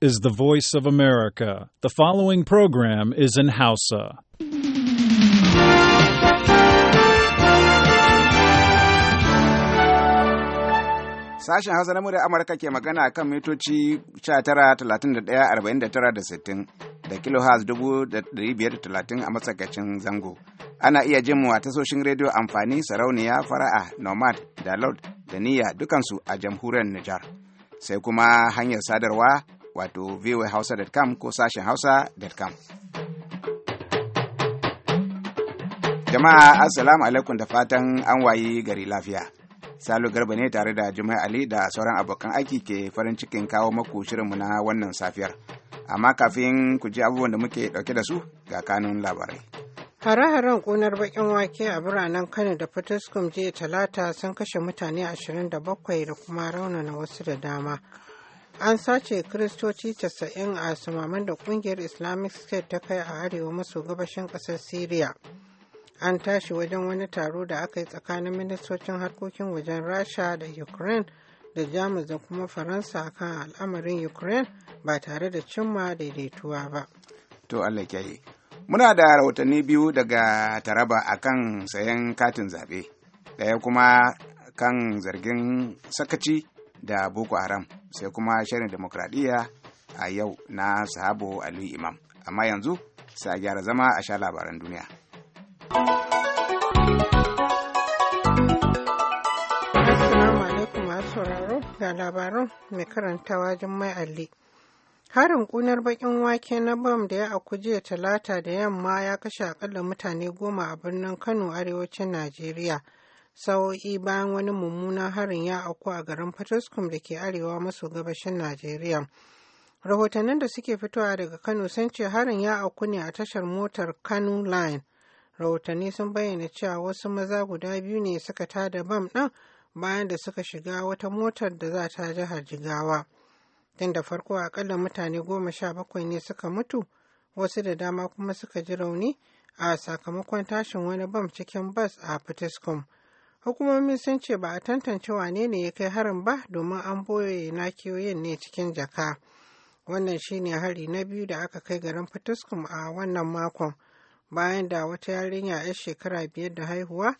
is the voice of America. The following program is in Hausa. Sashen Hausa na da Amurka ke magana kan mitoci 19,31,49 da kilohertz 530 a matsakaicin zango. Ana iya jin mu tasoshin rediyo amfani sarauniya fara'a nomad da lord da niyya dukansu a jamhuriyar Nijar. sai kuma hanyar sadarwa wato voahausa.com ko sashen hausa.com. Jama'a assalamu alaikum da fatan an wayi gari lafiya. Salo Garba ne tare da Juma'a Ali da sauran abokan aiki ke farin cikin kawo maku shirinmu na wannan safiyar. Amma kafin ku ji abubuwan da muke ɗauke da su ga kanun labarai. Hare-haren ƙunar bakin wake a biranen Kano da Fataskum jiya talata sun kashe mutane 27 da kuma raunana wasu da dama. an sace kiristoci 90 a sumaman da kungiyar islamic state ta kai a arewa maso gabashin kasar syria an tashi wajen wani taro da aka yi tsakanin ministocin harkokin wajen rasha da ukraine da jamus da kuma faransa kan al'amarin ukraine ba tare da cimma daidaituwa ba to allah kyaye muna da rahotanni biyu daga taraba akan sayan katin zaɓe ɗaya kuma kan zargin sakaci da boko haram sai kuma shirin demokradiyya a yau na sahabo ali imam amma yanzu sai a gyara zama a sha labaran duniya assalamu alaikum masu sauraro ga labaran mai karantawa jummai alli harin kunar bakin wake na bam da ya aku jiya talata da yamma ya kashe akalla mutane goma a birnin kano arewacin najeriya sa'o'i bayan wani mummunan harin ya auku a garin Fataskum da ke arewa maso gabashin Najeriya. Rahotannin da suke fitowa daga Kano sun ce harin ya auku ne a tashar motar Kano Line. Rahotanni sun bayyana cewa wasu maza guda biyu ne suka tada bam ɗin bayan da suka shiga wata motar da za ta jihar Jigawa. Tun da farko akalla mutane goma sha bakwai ne suka mutu, wasu da dama kuma suka ji rauni a sakamakon tashin wani bam cikin bas a Fataskum. Hukumomi sun ce ba a tantance wane ne ya kai harin ba domin an boye nakiyoyin ne cikin jaka. Wannan shine hari na biyu da aka kai garin Fatuskum a wannan makon bayan da wata yarinya 'yar shekara biyar da haihuwa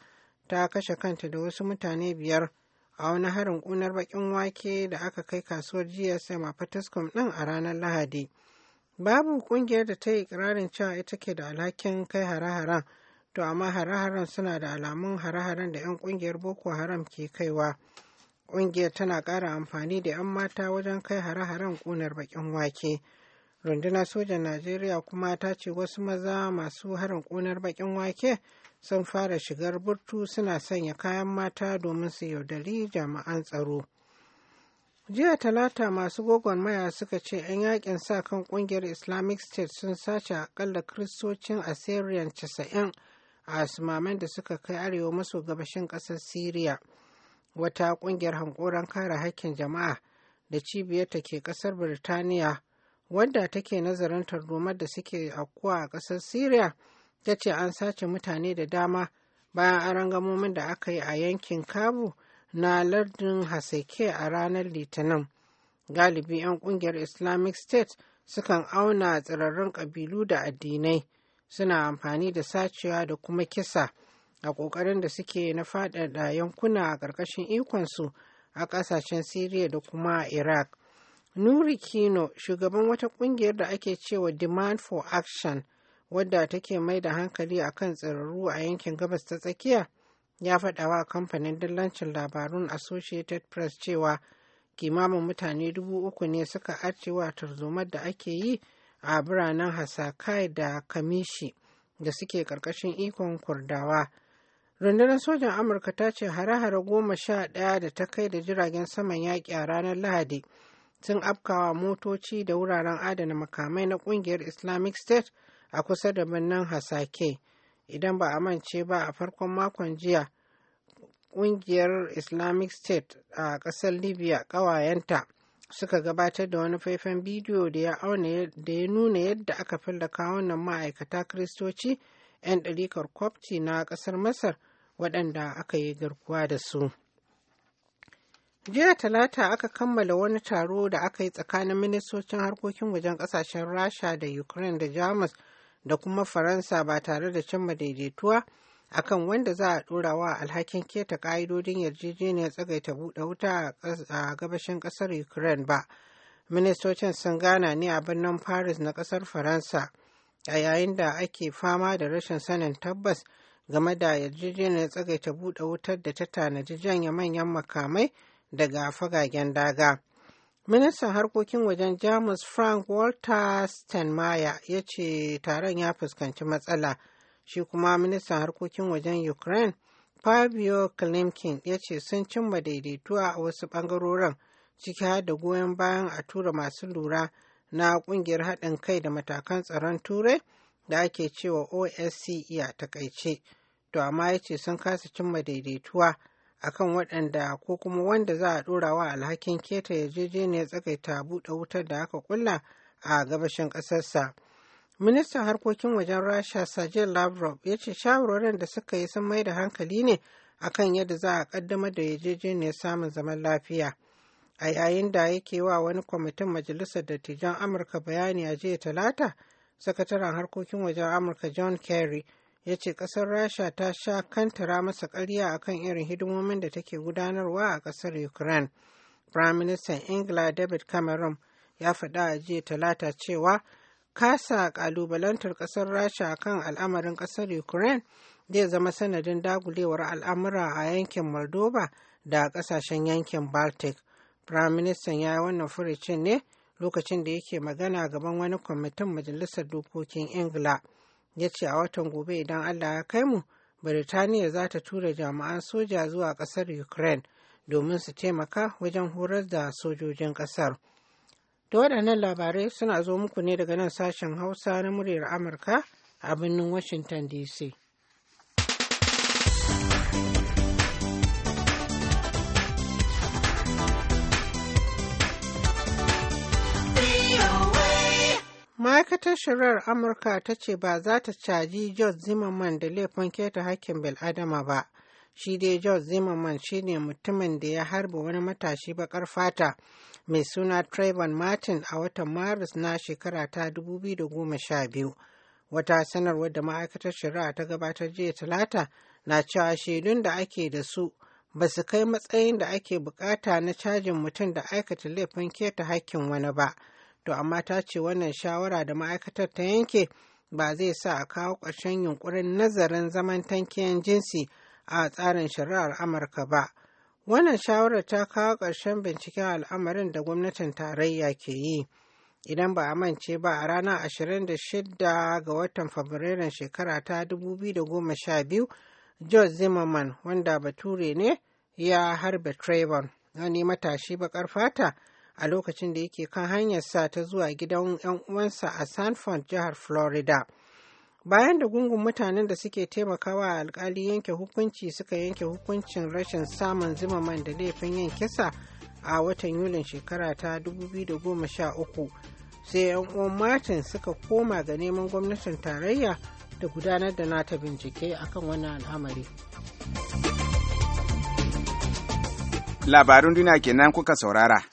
ta kashe kanta da wasu mutane biyar a wani harin ƙunar baƙin wake da aka kai kasuwar GSM a Fatuskum ɗin a ranar Lahadi. Babu ƙungiyar da ta yi ikirarin cewa ita ke da alhakin kai hare-haren to amma hare-haren suna da alamun hare-haren da 'yan kungiyar boko haram ke kaiwa kungiyar tana ƙara amfani da 'yan mata wajen kai hare-haren ƙunar bakin wake rundunar sojan najeriya kuma ta ce wasu maza masu harin ƙunar bakin wake sun fara shigar burtu suna sanya kayan mata domin su yaudari jama'an tsaro jiya talata masu gogon maya suka ce 'yan yakin sa kan kungiyar islamic state sun sace akalla kristocin assyrian 90 a sumaman da suka kai arewa maso gabashin ƙasar syria wata ƙungiyar hankoran kare haƙƙin jama'a da cibiyarta ke ƙasar birtaniya wadda take nazarin tarzoma da suke akuwa a ƙasar syria ta ce an sace mutane da dama bayan an rangamomin da aka yi a yankin kabu na lardin haseke a ranar litinin galibi 'yan ƙungiyar islamic state sukan auna tsirarrun ƙabilu da addinai suna amfani da sacewa da kuma kisa a ƙoƙarin da suke na faɗaɗa yankuna a ƙarƙashin ikonsu a ƙasashen Siriya da kuma Iraq. Nuri Kino, shugaban wata ƙungiyar da ake cewa Demand for Action, wadda take mai da hankali a kan tsirarru a yankin gabas ta tsakiya, ya faɗawa kamfanin dillancin labarun Associated Press cewa kimamin mutane dubu uku ne suka arcewa tarzomar da ake yi a biranen hasakai da kamishi da suke ƙarƙashin ikon kurdawa rundunar sojan amurka ta ce hare-hare goma sha ɗaya da ta kai da jiragen saman yaƙi a ranar lahadi sun afkawa motoci da wuraren adana makamai na ƙungiyar islamic state a kusa da birnin hasake idan ba a mance ba a farkon makon jiya ƙungiyar islamic state a ƙasar libya ƙawayenta suka gabatar da wani faifan bidiyo da ya nuna yadda aka fallaka wannan ma'aikata kristoci 'yan ɗarikar kwafti na ƙasar masar waɗanda aka yi garkuwa da su jiya talata aka kammala wani taro da aka yi tsakanin ministocin harkokin wajen ƙasashen rasha da ukraine da jamus da kuma faransa ba tare da cimma daidaituwa akan wanda za a dora wa alhakin keta ƙa'idodin yarjejeniyar tsagaita buɗe wuta a gabashin ƙasar ukraine ba ministocin sun gana ne a birnin paris na ƙasar faransa a yayin da ake fama da rashin sanin tabbas game da yarjejeniyar tsagaita buɗe wutar da ta tanaji janye manyan makamai daga fagagen daga ministan harkokin wajen jamus frank walter steinmeier ya ce taron ya fuskanci matsala shi kuma ministan harkokin wajen ukraine fabio klimkin ya ce sun cimma daidaituwa a wasu bangarorin ciki har da goyon bayan a tura masu lura na kungiyar haɗin kai da matakan tsaron turai da ake cewa osce a takaice to amma ya ce sun kasa cimma daidaituwa akan waɗanda ko kuma wanda za a ɗora wa alhakin keta yarjejeniyar tsakaita buɗe wutar da aka kulla a gabashin ƙasarsa. Ministan harkokin wajen Rasha Sergei Lavrov ya ce shawarorin da suka yi sun mai da hankali ne akan yadda za a kaddamar da yarjejeniyar samun zaman lafiya. A yayin da yake wa wani kwamitin Majalisar Dattijan Amurka bayani a jiya Talata, Sakataren harkokin wajen Amurka John Kerry ya ce ƙasar Rasha ta sha kantara masa ƙarya akan irin hidimomin da take gudanarwa a ƙasar Ukraine. Prime Minister Ingila David Cameron ya faɗa a jiya Talata cewa kasa kalubalantar kasar rasha kan al'amarin kasar ukraine zai zama sanadin dagulewar al'amura a yankin moldova da kasashen yankin baltic firaministan ya yi wannan furicin ne lokacin da yake magana gaban wani kwamitin majalisar dokokin ingila ya ce a watan gobe idan allah ya kai mu birtaniya za ta tura jami'an soja zuwa kasar ukraine domin su taimaka wajen horar da sojojin kasar. Da waɗannan labarai suna zo muku ne daga nan sashen Hausa na muryar Amurka a birnin Washington DC. Ma'aikatar shirar Amurka ta ce ba za ta caji George Zimmerman da laifin keta hakkin bil'adama ba. shi dai george zimmerman shi ne mutumin da ya harba wani matashi bakar fata mai suna trayvon martin a watan maris na shekara ta 2012 wata sanarwar da ma'aikatar shari'a ta gabatar jiya talata na cewa shaidun da ake da su ba su kai matsayin da ake bukata na cajin mutum da aikata laifin keta hakkin wani ba to amma ta ce wannan shawara da ma'aikatar ta yanke ba zai sa a kawo ƙarshen yunkurin nazarin zaman tankiyan jinsi a tsarin shari'ar Amurka ba. Wannan shawarar ta kawo ƙarshen binciken al'amarin da gwamnatin tarayya ke yi. Idan ba a mance ba a ranar 26 ga watan Fabrairun shekara ta 2012, George Zimmerman wanda bature ne ya harbe Trayvon, wani matashi baƙar fata a lokacin da yake kan hanyarsa ta zuwa gidan 'yan uwansa a Sanford, jihar Florida. bayan da gungun mutanen da suke taimakawa alkali yanke hukunci suka yanke hukuncin rashin samun zimaman da laifin yin kisa a watan yulin shekara ta 2013 sai 'yan uwan martin suka koma ga neman gwamnatin tarayya da gudanar da nata bincike akan wannan al'amari labarun duniya kenan kuka saurara.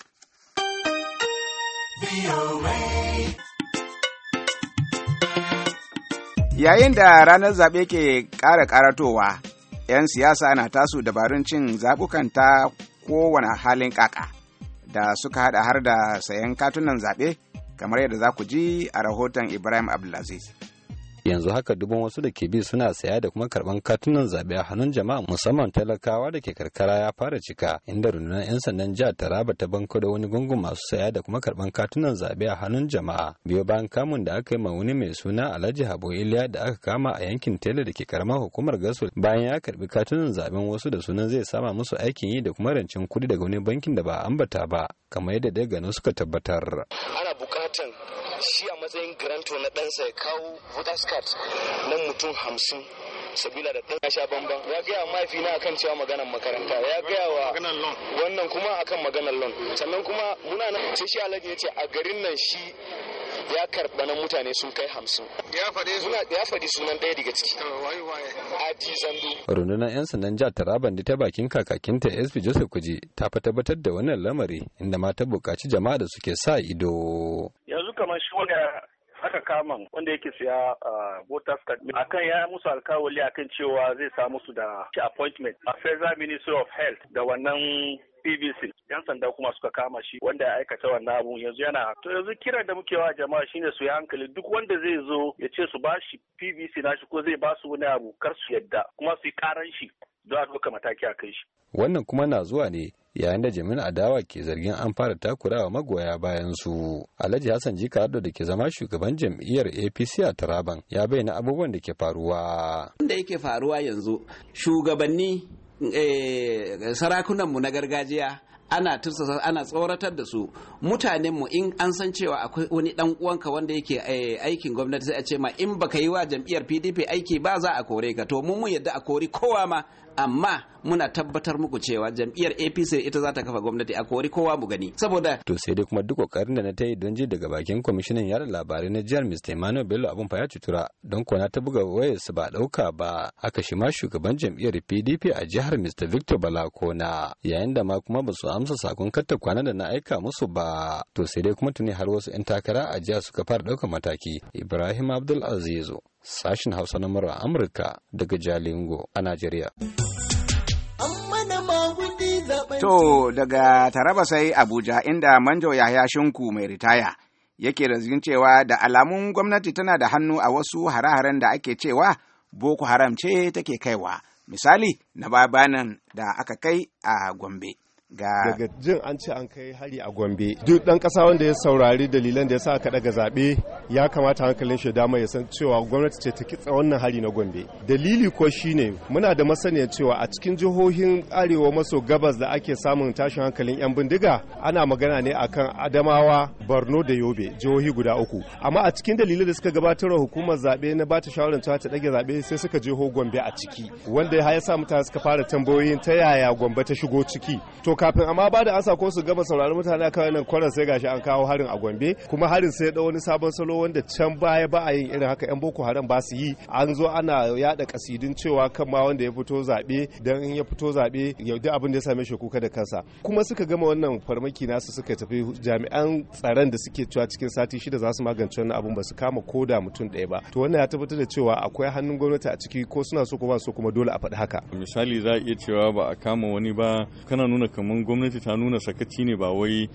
Yayin da ranar zaɓe ke ƙara ƙaratowa, 'yan siyasa na tasu dabarun cin zaɓukan ta kowane halin ƙaƙa da suka haɗa har da sayan katunan zaɓe kamar yadda za ku ji a rahoton Ibrahim Abdulaziz. yanzu haka dubban wasu da ke bi suna saya da kuma karban katunan zaɓe a hannun jama'a musamman talakawa da ke karkara ya fara cika inda rundunar 'yan sandan jihar taraba ta banko da wani gungun masu saya da kuma karban katunan zaɓe a hannun jama'a biyo bayan kamun da aka yi ma wani mai suna alhaji habo iliya da aka kama a yankin tela da ke karamar hukumar gasul bayan ya karbi katunan zaɓen wasu da sunan zai sama musu aikin yi da kuma rancen kuɗi daga wani bankin da ba a ambata ba kamar yadda daga suka tabbatar ana bukatan shi a matsayin granto na ɗansa ya kawo voters card na mutum hamsin sabila da ɗan sha bamban ya gaya mafi na akan cewa maganar makaranta ya gaya wa wannan kuma akan maganar lon sannan kuma muna nan sai shi alhaji ya ce a garin nan shi ya karɓa nan mutane sun kai hamsin ya faɗi sunan ɗaya daga ciki adi zando rundunar yan sandan jihar taraban da ta bakin kakakinta sp joseph kuji ta fa tabbatar da wannan lamari inda ma ta buƙaci jama'a da suke sa ido yanzu kamar shi wanda aka kama wanda yake siya voters card akan ya musu alkawali akan cewa zai samu su da appointment a federal ministry of health da wannan PBC yan sanda kuma suka kama shi wanda ya aikata wannan abun yanzu yana to yanzu kira da muke wa jama'a shine su yi hankali duk wanda zai zo ya ce su ba shi PBC nashi ko zai ba su wani abu kar su yadda kuma su yi karan shi don a ɗauka mataki a kai shi. wannan kuma na zuwa ne yayin da jam'i'an adawa ke zargin an fara takurawa magoya bayan su alhaji hassan jika da ke zama shugaban jam'iyyar apc a taraban ya bayyana abubuwan da ke faruwa da yake faruwa yanzu shugabanni eh, sarakunanmu na gargajiya ana tursasa ana tsoratar da su mutanen mu in an san cewa akwai wani dan uwanka wanda yake eh, aikin gwamnati sai a ce ma in baka yi wa jam'iyyar PDP aiki ba za a kore ka to mun mu yadda a kori kowa ma amma muna tabbatar muku cewa jam'iyyar apc ita za ta kafa gwamnati a kori kowa mu gani saboda to sai dai kuma duk kokarin da na ta yi don ji daga bakin kwamishinan yaran labarai na jihar mr emmanuel bello abun fa ya cutura don ko na ta buga wayar su ba dauka ba haka shi ma shugaban jam'iyyar pdp a jihar mr victor balakona yayin da ma kuma ba su amsa sakon katta kwana da na aika musu ba to sai dai kuma tuni har wasu 'yan takara a jihar suka fara ɗaukar mataki ibrahim abdul azizu sashin hausa na mura amurka daga jalingo a najeriya to daga taraba sai abuja inda manjo yahaya shinku mai ritaya yake razgin cewa da alamun gwamnati tana da hannu a wasu hare-haren da ake cewa boko haram ce take kaiwa misali na babanan da aka kai a gombe daga jin an ce an kai hari a gombe duk dan kasa wanda ya saurari dalilan da ya sa aka daga zaɓe ya kamata hankalin shi dama ya san cewa gwamnati ce ta kitsa wannan hari na gombe dalili ko shine muna da masaniya cewa a cikin jihohin arewa maso gabas da ake samun tashin hankalin yan bindiga ana magana ne akan adamawa borno da yobe jihohi guda uku amma a cikin dalilan da suka gabatar wa hukumar zaɓe na bata shawarar cewa ta dage zaɓe sai suka je ho gombe a ciki wanda ya sa mutane suka fara tambayoyin ta yaya gombe ta shigo ciki to kafin amma ba da ansa ko su gama sauraron mutane kawai nan kwaran sai gashi an kawo harin a Gombe kuma harin sai da wani sabon salo wanda can baya ba a yin irin haka yan boko haram ba su yi an zo ana yada kasidin cewa kan ma wanda ya fito zabe dan in ya fito zabe ya duk abin da ya same shi kuka da kansa kuma suka gama wannan farmaki nasu suka tafi jami'an tsaron da suke cewa cikin sati shida za su magance wannan abun ba su kama ko da mutum ɗaya ba to wannan ya tabbatar da cewa akwai hannun gwamnati a ciki ko suna so ko ba so kuma dole a faɗi haka misali za a iya cewa ba a kama wani ba kana nuna kamar gwamnati ta nuna sakaci ne ba wai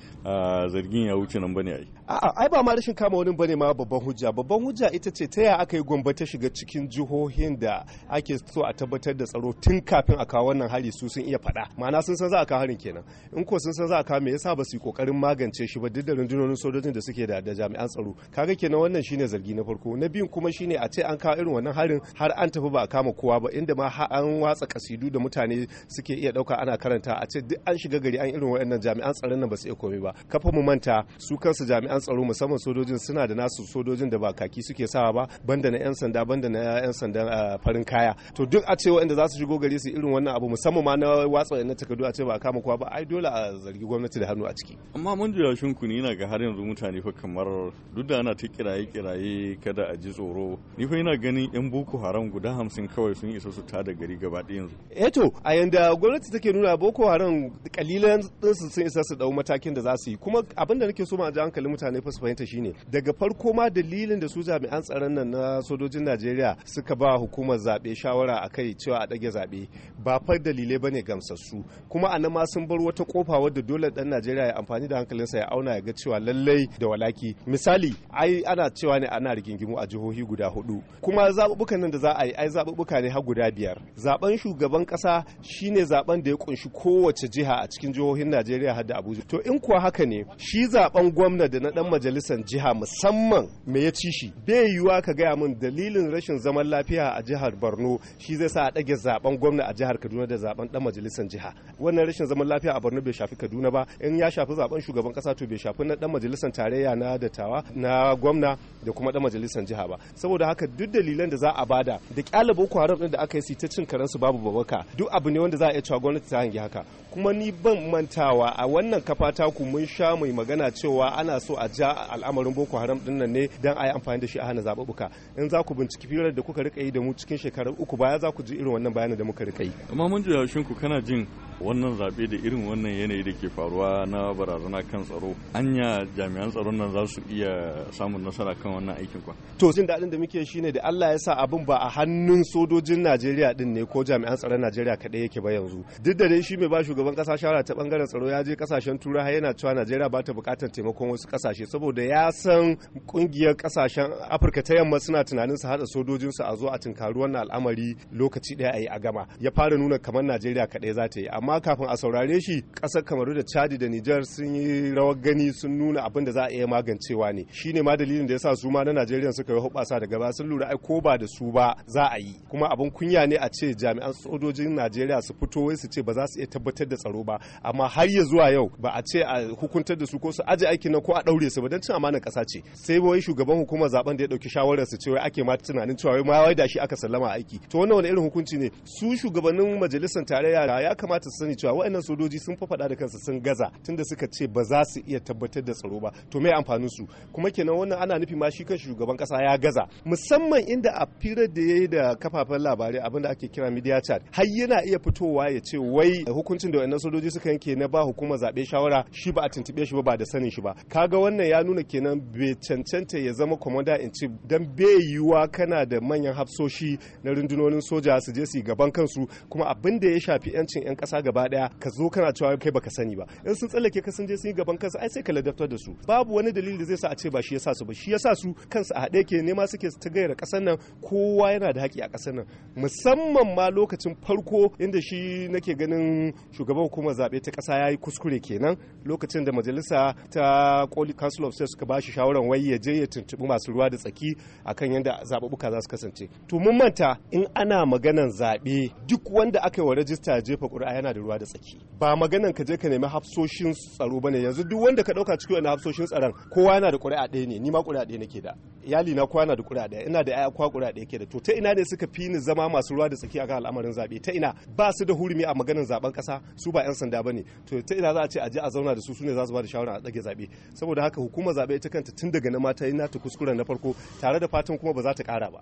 zargin ya wuce nan bane ai a'a ai ba ma rashin kama wani bane ma babban hujja babban hujja ita ce ta ya aka yi gwamba ta shiga cikin jihohin da ake so a tabbatar da tsaro tun kafin a kawo wannan hari su sun iya faɗa ma'ana sun san za a kawo harin kenan in ko sun san za a kawo me yasa ba su yi kokarin magance shi ba duk da rundunonin sojojin da suke da jami'an tsaro kaga kenan wannan shine zargi na farko na biyun kuma shine a ce an kawo irin wannan harin har an tafi ba a kama kowa ba inda ma an watsa kasidu da mutane suke iya dauka ana karanta a ce duk an shiga gari an irin waɗannan jami'an tsaron nan ba su iya komai ba kafa mu manta su kansu jami'an tsaro musamman sojojin suna da nasu sojojin da ba kaki suke sawa ba banda na yan sanda banda na yan sandan farin kaya to duk a ce waɗanda za su shigo gari su irin wannan abu musamman ma na watsa na takardu a ce ba a kama kowa ba ai dole a zargi gwamnati da hannu a ciki amma mun jira shin ku ne ga har yanzu mutane fa kamar duk da ana ta kiraye kiraye kada a ji tsoro ni fa ina ganin yan boko haram guda hamsin kawai sun isa su tada gari gaba ɗaya yanzu eh to a yanda gwamnati take nuna boko haram kalilan ɗinsu sun isa su dau matakin da za su yi kuma abin da nake so ma ji hankalin mutane fa su fahimta shine daga farko ma dalilin da su jami'an tsaron nan na sojojin Najeriya suka ba hukumar zabe shawara a kai cewa a dage zaɓe ba fa dalilai ba ne gamsassu kuma a nan ma sun bar wata kofa wadda dole dan Najeriya ya amfani da hankalinsa ya auna ya ga cewa lallai da walaki misali ai ana cewa ne ana rigingimu a jihohi guda hudu kuma zabubukan nan da za a yi ai zaɓuɓɓuka ne har guda biyar zaben shugaban kasa shine zaben da ya kunshi kowace jiha a cikin jihohin Najeriya har da Abuja. To in kuwa haka ne shi zaben gwamna da na dan majalisar jiha musamman me ya ci shi bai yiwuwa ka gaya min dalilin rashin zaman lafiya a jihar Borno shi zai sa a dage zaben gwamna a jihar Kaduna da zaben dan majalisar jiha. Wannan rashin zaman lafiya a Borno bai shafi Kaduna ba in ya shafi zaben shugaban kasa to bai shafi na dan majalisar tarayya na dattawa na gwamna da kuma dan majalisar jiha ba. Saboda haka duk dalilan da za a bada da kyalabo kwarar da aka yi su ta cin karansu babu babaka duk abu ne wanda za a iya cewa gwamnati ta hangi haka kuma ni ban mantawa a wannan kafa taku mun sha mai magana cewa ana so a ja al'amarin boko haram din nan ne dan a yi amfani da shi a hana zaɓuɓɓuka in za ku binciki firar da kuka rika yi da mu cikin shekarar uku baya za ku ji irin wannan bayanin da muka rika yi amma mun ji yaushin ku kana jin wannan zaɓe da irin wannan yanayi da ke faruwa na barazana kan tsaro anya jami'an tsaron nan za su iya samun nasara kan wannan aikin kwa to jin daɗin da muke shi ne da Allah ya sa abin ba a hannun sojojin Najeriya din ne ko jami'an tsaron Najeriya kaɗai yake ba yanzu duk da dai shi mai ba shugaban kasa shawara ta bangaren tsaro ya je kasashen turai har yana cewa najeriya ba ta bukatar taimakon wasu kasashe saboda ya san kungiyar kasashen afirka ta yamma suna tunanin su hada sojojinsu a zo a tunkari wannan al'amari lokaci daya a yi a gama ya fara nuna kamar najeriya kadai za ta yi amma kafin a saurare shi ƙasar kamaru da chadi da nijar sun yi rawar gani sun nuna abin da za a iya magancewa ne shine ma dalilin da yasa su ma na najeriya suka yi hubasa daga ba sun lura ai ko ba da su ba za a yi kuma abin kunya ne a ce jami'an sojojin najeriya su fito wai su ce ba za su iya tabbatar da tsaro ba amma har ya zuwa yau ba a ce a hukuntar da su ko su aje aiki nan ko a daure su ba don cin amanar kasa ce sai wai shugaban hukumar zaben da ya dauki shawarar su cewa ake ma tunanin cewa wai ma wai da shi aka sallama aiki to wannan wani irin hukunci ne su shugabannin majalisar tarayya ya kamata su sani cewa waɗannan sojoji sun fa fada da kansu sun gaza tunda suka ce ba za su iya tabbatar da tsaro ba to me amfanin su kuma kenan wannan ana nufi ma shi kan shugaban kasa ya gaza musamman inda a firar da yayi da kafafen labarai abinda ake kira media chat har yana iya fitowa ya ce wai hukuncin da wannan sojoji suka yanke na ba hukumar zaɓe shawara shi ba a tuntuɓe shi ba ba da sanin shi ba kaga wannan ya nuna kenan bai cancanta ya zama commander in chief dan bai yiwuwa kana da manyan hafsoshi na rundunonin soja su je su gaban kansu kuma abin da ya shafi yancin yan ƙasa gaba ɗaya ka zo kana cewa kai baka sani ba in sun tsallake ka sun je sun yi gaban kansu ai sai ka ladabtar da su babu wani dalili da zai sa a ce ba shi yasa su ba shi yasa su kansu a haɗe ke nema suke ta gayara ƙasar nan kowa yana da haƙi a ƙasar nan musamman ma lokacin farko inda shi nake ganin shugaban shugaban hukumar zaɓe ta ƙasa ya yi kuskure kenan lokacin da majalisa ta koli council of state suka ba shi shawaran wai ya je ya tuntuɓi masu ruwa da tsaki akan yadda zaɓuɓɓuka za su kasance to mun manta in ana maganan zaɓe duk wanda aka yi wa rajista jefa ƙuri'a yana da ruwa da tsaki ba maganan ka je ka nemi hafsoshin tsaro bane yanzu duk wanda ka ɗauka cikin wannan hafsoshin tsaron kowa yana da ƙuri'a ɗaya ne ni ma ƙuri'a ɗaya nake da iyali na kwana da ƙuri'a ɗaya ina da ƴaƴa kwa ƙuri'a ɗaya ke da to ta ina ne suka fi ni zama masu ruwa da tsaki akan al'amarin zaɓe ta ina ba su da hurumi a maganan zaɓen ƙasa su ba 'yan sanda ba ne to ta ina za a ce a je a zauna da su su ne za su ba da shawara a ɗage zaɓe saboda haka hukumar zaɓe ita kanta tun daga na mata yi nata kuskuren na farko tare da fatan kuma ba za ta ƙara ba.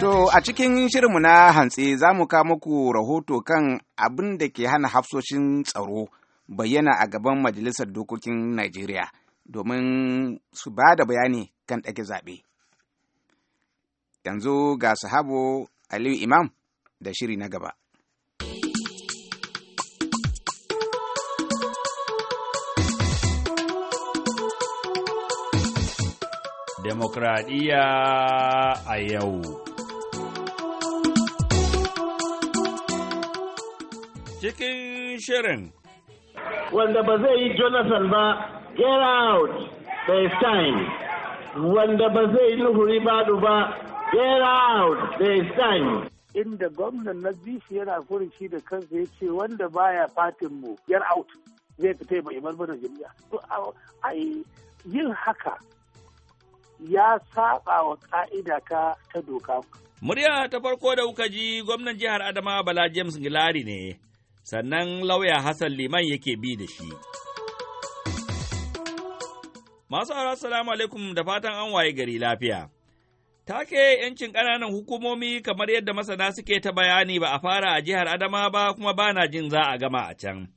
To a cikin shirinmu na hantsi za mu kawo muku rahoto kan abin da ke hana hafsoshin tsaro bayyana a gaban Majalisar Dokokin Najeriya domin su ba da bayani kan ɗage zaɓe. yanzu ga sahabu aliyu imam da shiri na gaba demokradiyya a yau. Cikin shirin. Wanda ba zai yi Jonathan ba, get out, there is time. Wanda ba zai yi Nuhuri ba, Get out, they sang. Inda gwamnan na bishi yana furuci da kansa ya ce wanda baya fatin mu yar out zai fita ba imar mana jami'a. Ai yin haka ya saba wa ka'ida ka ta doka. Murya ta farko da kuka ji gwamnan jihar Adama Bala James Gilari ne, sannan lauya Hassan Liman yake bi da shi. Masu salamu alaikum da fatan an waye gari lafiya. Take ‘yancin ƙananan hukumomi kamar yadda masana suke ta bayani ba a fara a jihar Adama ba kuma ba na jin za a gama a can.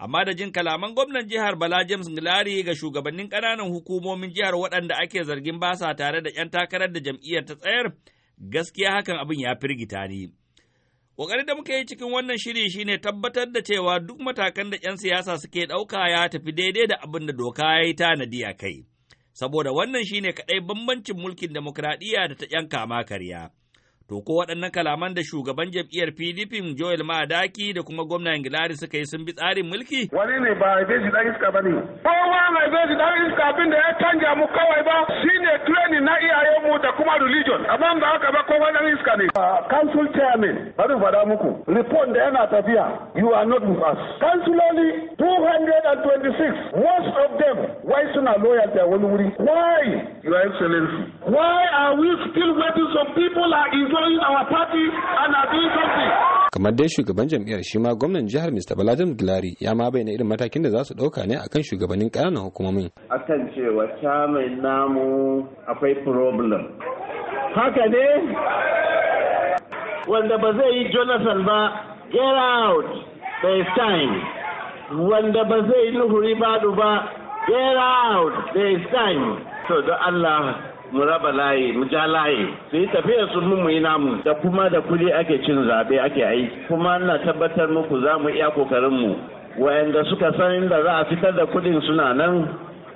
Amma da jin kalaman gwamnan jihar Bala James Ngilari ga shugabannin ƙananan hukumomin jihar waɗanda ake zargin basa tare da ‘yan takarar da jam'iyyar ta tsayar, gaskiya hakan abin ya firgita ni. Ƙoƙari da muka yi cikin wannan shiri shine tabbatar da cewa duk matakan da ‘yan siyasa suke ɗauka ya tafi daidai da abin da doka ya yi tanadi a kai. saboda wannan shine kaɗai bambancin mulkin demokradiyya da ta ‘yan kama karya. To ko waɗannan kalaman da shugaban jam'iyyar PDP Joel Madaki da kuma gwamna Gilari suka yi sun bi tsarin mulki? Wani ne ba haife shi dan iska ba ne. Kowa haife shi dan iska abin da ya canja mu kawai ba shine training na iyayenmu da kuma religion. Amma ba haka ba kowa dan iska ne. Ah, council chairman bari faɗa muku report da yana tafiya you are not with us. Councilori 226 most of them why suna loyal da wani wuri. Why? Your excellency. Why are we still waiting some people are in kamar dai shugaban jam'iyyar shi ma gwamnan jihar Mr. Baladun Gilari ya ma bayyana irin matakin da za su ɗauka ne akan shugabannin ƙananan hukumomin. Akan cewa mai namu akwai problem. Haka ne? Wanda ba zai yi Jonathan ba, get out, they is time. Wanda ba zai yi Nuhuri Badu ba, get out, they is to So da Allah mu raba layi mu ja layi su yi tafiyar su mu yi namu da kuma da kuli ake cin zaɓe ake aiki kuma na tabbatar muku za mu iya kokarin mu wayanda suka san inda za a fitar da kuɗin suna nan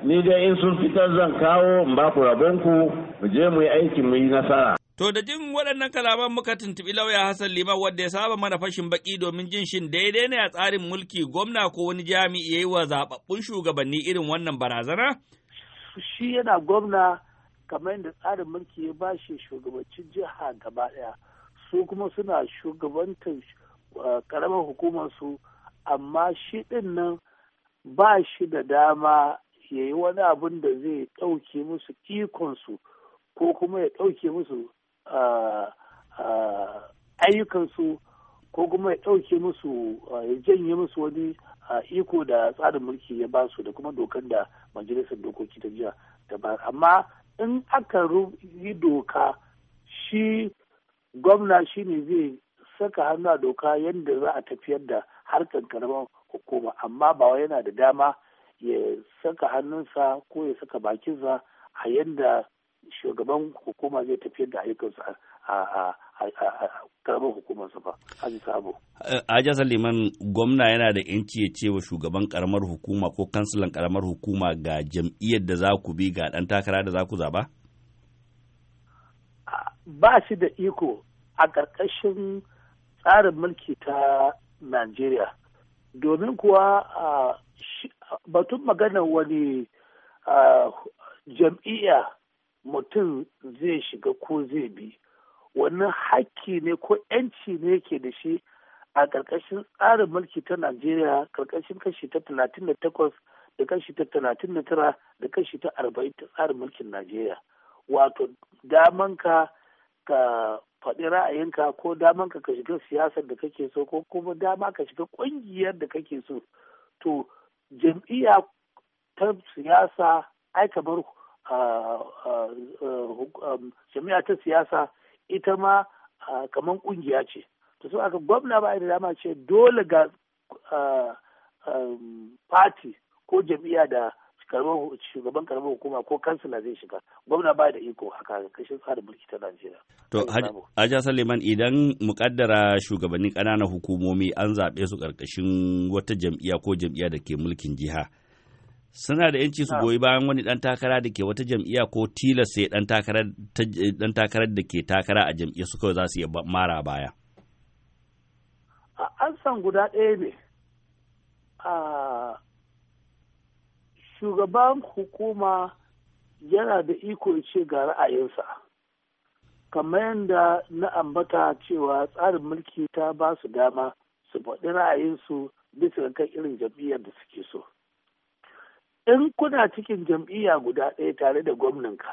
ni dai in sun fitar zan kawo in ba ku rabonku mu je mu yi aiki mu yi nasara. To da jin waɗannan kalaman muka tuntuɓi lauya Hassan Liman wanda ya saba mana fashin baki domin jin shin daidai ne a tsarin mulki gwamna ko wani jami'i ya wa zaɓaɓɓun shugabanni irin wannan barazana? Shi yana gwamna kamar yadda tsarin mulki ya ba shi shugabancin jiha gaba daya su kuma suna shugabantar karamar uh, hukumar su amma shi ɗin nan ba shi da dama ya yi wani abin da zai ɗauke musu ikonsu ko kuma ya ɗauke musu uh, uh, ayyukansu ko kuma ya ɗauke musu ya janye musu wani iko da tsarin mulki ya ba su da kuma dokan da majalisar dokoki ta jiya ta amma in aka yi doka shi gwamna shi ne zai saka hannu a doka yadda za a tafiyar da harkar karamar hukuma amma ba yana da dama ya saka hannunsa ko ya saka bakinsa a yadda shugaban hukuma zai tafiyar da ayyukansa karamar hukumarsa ba sabo eh, aja saliman gwamna yana da yanci ya ce wa shugaban karamar hukuma ko kansilan karamar hukuma ga jam'iyyar da za ku bi ga ɗan takara da za ku zaba ba shi da iko a ƙarƙashin tsarin mulki ta najeriya domin kuwa batun magana wani jam'iyya mutum zai shiga ko zai bi wani haƙƙi ne ko yanci ne ke da shi a ƙarƙashin tsarin mulki ta najeriya ƙarƙashin kashi ta talatin da takwas da kashi ta talatin da tara da kashi ta arba'in ta tsarin mulkin najeriya wato damanka ka faɗi ra'ayinka ko damanka ka shiga siyasar da kake so ko kuma dama ka shiga ƙungiyar da kake so to jam'iyya ta siyasa ai kamar ah, ah, ah, jami'a ta siyasa ita ma kamar kungiya ce to so aka gwamna ba da dama ce dole ga fati ko jami'a da shugaban karamar hukuma ko kansila zai shiga gwamna ba da iko haka kashin tsarin mulki ta najeriya to haja suleiman idan mukaddara shugabannin ƙananan hukumomi an zaɓe su ƙarƙashin wata jam'iya ko jam'iyya da ke mulkin jiha suna da yanci su goyi bayan wani dan takara da ke wata jam'iyya ko tilas sai dan takarar da ke takara a jam'iyya su kawai za su iya mara baya an san guda ɗaya ne a shugaban hukuma yana da iko ce ga ra'ayinsa kamar yadda na ambata cewa tsarin mulki ta ba su dama su faɗi ra'ayinsu bisa kan irin jam'iyyar da suke so in kuna cikin jam'iyya guda ɗaya tare da gwamnanka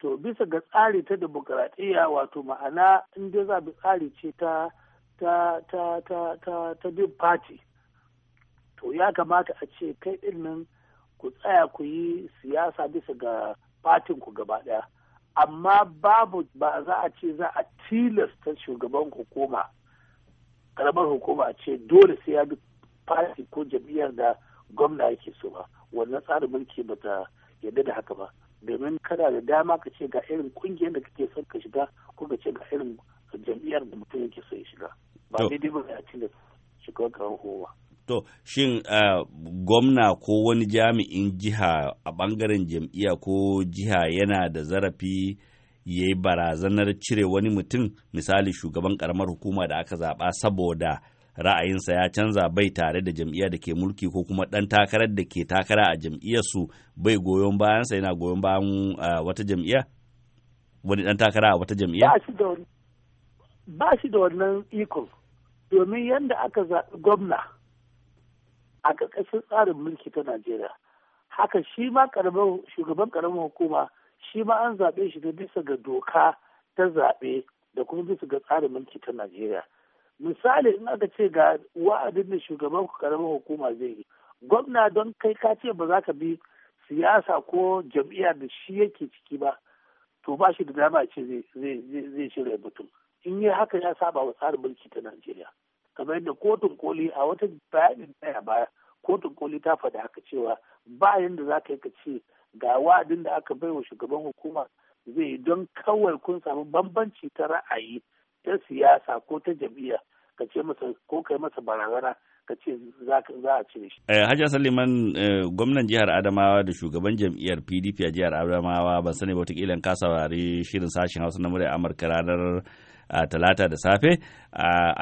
to bisa ga tsari ta demokaratiyya wato ma'ana in dai za bi tsari ce ta ta ta ta ta ta bin fati to ya kamata a ce kai ɗin nan ku tsaya ku yi siyasa bisa ga fatin ku gaba ɗaya amma babu ba za a ce za a tilasta shugaban hukuma karamar hukuma ce dole sai ya bi fati ko jam'iyyar da gwamna yake so ba wannan tsarin mulki bata yadda da haka ba domin kada da dama ka ce ga irin kungiyar da kake son ka shiga ko ka ce ga irin jam'iyyar da mutum yake son ya shiga ba daidai ba a cikin shiga karan kowa To, shin uh, gwamna ko wani jami'in jiha a bangaren jam'iyya ko jiha yana da zarafi ya yi barazanar cire wani mutum misali shugaban karamar hukuma da aka zaɓa saboda ra'ayinsa ya canza bai tare da jam'iyyar da ke mulki ko kuma ɗan takarar da ke takara a jam'iyyarsu bai goyon bayansa yana goyon bayan wata jam'iyya wani ɗan takara a wata jam'iyya ba shi da wannan iko domin yadda aka zaɓi gwamna a ƙarƙashin tsarin mulki ta najeriya haka shi ma shugaban ƙaramin hukuma shi ma an zaɓe shi ne bisa ga doka ta zaɓe da kuma bisa ga tsarin mulki ta najeriya misali in aka ce ga wa'adin da shugaban karamar hukuma zai yi gwamna don kai ka ce ba za ka bi siyasa ko jam'iyya da shi yake ciki ba to ba shi da dama ce zai shirya mutum in yi haka ya saba wa tsarin mulki ta najeriya kamar yadda kotun koli a wata bayanin daya baya kotun koli ta faɗi haka cewa ba yadda za ka yi ka ce ga wa'adin da aka bai wa shugaban hukuma zai yi don kawai kun samu bambanci ta ra'ayi ta siyasa ko ta jam'iyya ka ce masa ko kai masa barazana ka ce za a cire shi. Eh, Hajji Saliman eh, gwamnan jihar Adamawa da shugaban jam'iyyar PDP a jihar Adamawa ban sani ba wataƙila ka saurari shirin sashen Hausa na murya Amurka ranar a talata da safe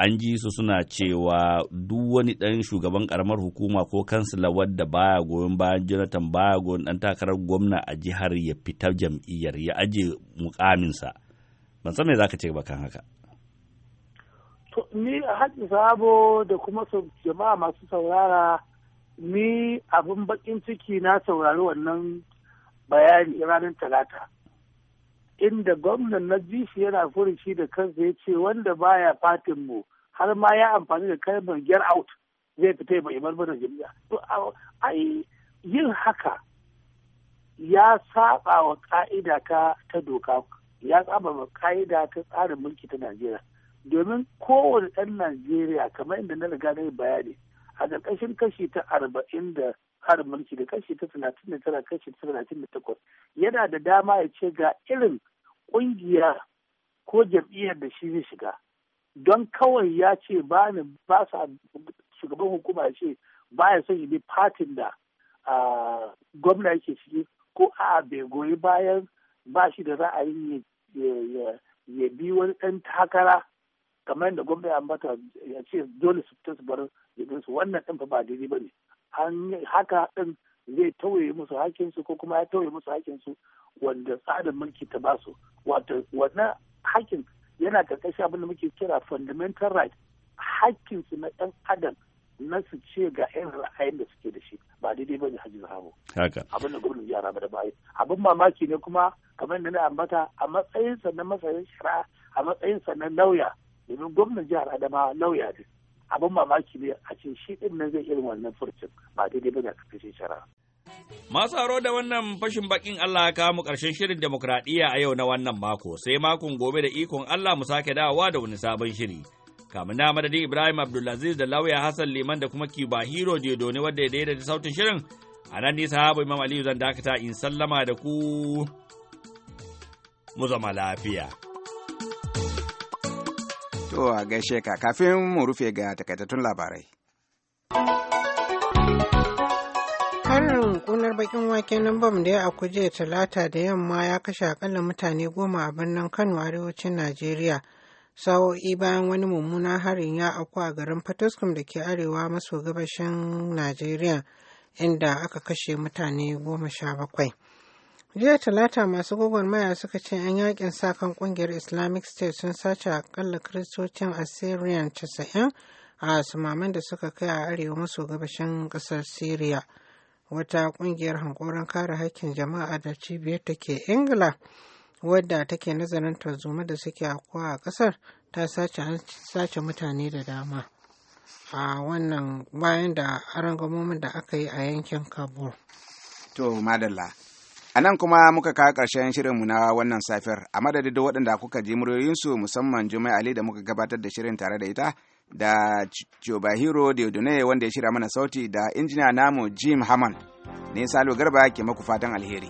an ji su suna cewa duk wani ɗan shugaban karamar hukuma ko kansila wadda baya goyon bayan jonathan baya goyon dan takarar gwamna a jihar ya fita jam'iyyar ya aje mukaminsa ban san me za ka ce ba kan haka ni a haƙin sabo da kuma jama'a masu saurara ni abin bakin ciki na saurari wannan bayani ranar talata inda gwamnan na jishi yana shi da kansa ya ce wanda baya fatin mu har ma ya amfani da kalmar get out zai fita ya bai mana jami'a to ai yin haka ya saba wa ka'ida ta doka ya saba wa ka'ida ta tsarin mulki ta najeriya domin kowane ɗan najeriya kamar inda na riga na yi bayani a ƙarƙashin kashi ta arba'in da har mulki da kashi ta talatin da tara kashi ta talatin da takwas yana da dama ya ce ga irin ƙungiya ko jam'iyyar da shi zai shiga don kawai ya ce ba ni ba sa shugaban hukuma ya ce ba ya son bi fatin da gwamna yake ciki ko a bai goyi bayan ba shi da ra'ayin ya bi wani ɗan takara kamar yadda gwamnati ambata ya ce dole su fita su bar su wannan ɗin fa ba daidai ba ne haka ɗin zai tauye musu hakinsu ko kuma ya tauye musu hakinsu wanda tsarin mulki ta ba su wato wannan hakin yana karkashin abin da muke kira fundamental right hakinsu na ɗan adam na su ce ga yan ra'ayin da suke da shi ba daidai ba ne hajji zahabu abin da gwamnati ya raba da bayi abin mamaki ne kuma kamar yadda na ambata a matsayinsa na masanin shara a matsayinsa na lauya domin gwamnan jihar adama lauya ne abin mamaki ne a ce shi din nan zai irin wannan furcin ba daidai ba da kashe shara. Masu aro da wannan fashin bakin Allah ya mu ƙarshen shirin demokradiyya a yau na wannan mako sai makon gobe da ikon Allah mu sake dawowa da wani sabon shiri. Kamun na madadin Ibrahim Abdulaziz da lauya Hassan Liman da kuma Kiba Hero Dedo ne wadda ya daidaita sautin shirin a nan nisa habu Imam Aliyu zan dakata in sallama da ku mu zama lafiya. To a gaishe ka kafin mu rufe ga takaitattun labarai. Karin kunar bakin wake nan bam da ya kuje talata da yamma ya kashe akalla mutane goma a birnin Kano arewacin Najeriya. Sa'o'i bayan wani mummunan harin ya auku a garin Fatoskum da ke arewa maso gabashin Najeriya inda aka kashe mutane goma sha bakwai. jiya talata masu gwagwarmaya suka ce an yakin sa kan kungiyar islamic state sun sace akalla kiristocin assyrian 90 a sumaman da suka kai a arewa maso gabashin kasar syria wata kungiyar hankoron kare haƙƙin jama'a da cibiyar take ingila wadda take nazarin tarzoma da suke akuwa a kasar ta sace mutane da dama a wannan bayan da arangamomin da aka yi a yankin kabul to madalla A nan kuma muka kawo ƙarshen shirinmu na wannan safiyar, a madadin da waɗanda kuka ji muryoyinsu musamman jumai Ali da muka gabatar da shirin tare da ita, da Chobahiro Diodone wanda ya shirya mana sauti da injiniya namu Jim Hammond. Ne Salo Garba ke maku fatan alheri.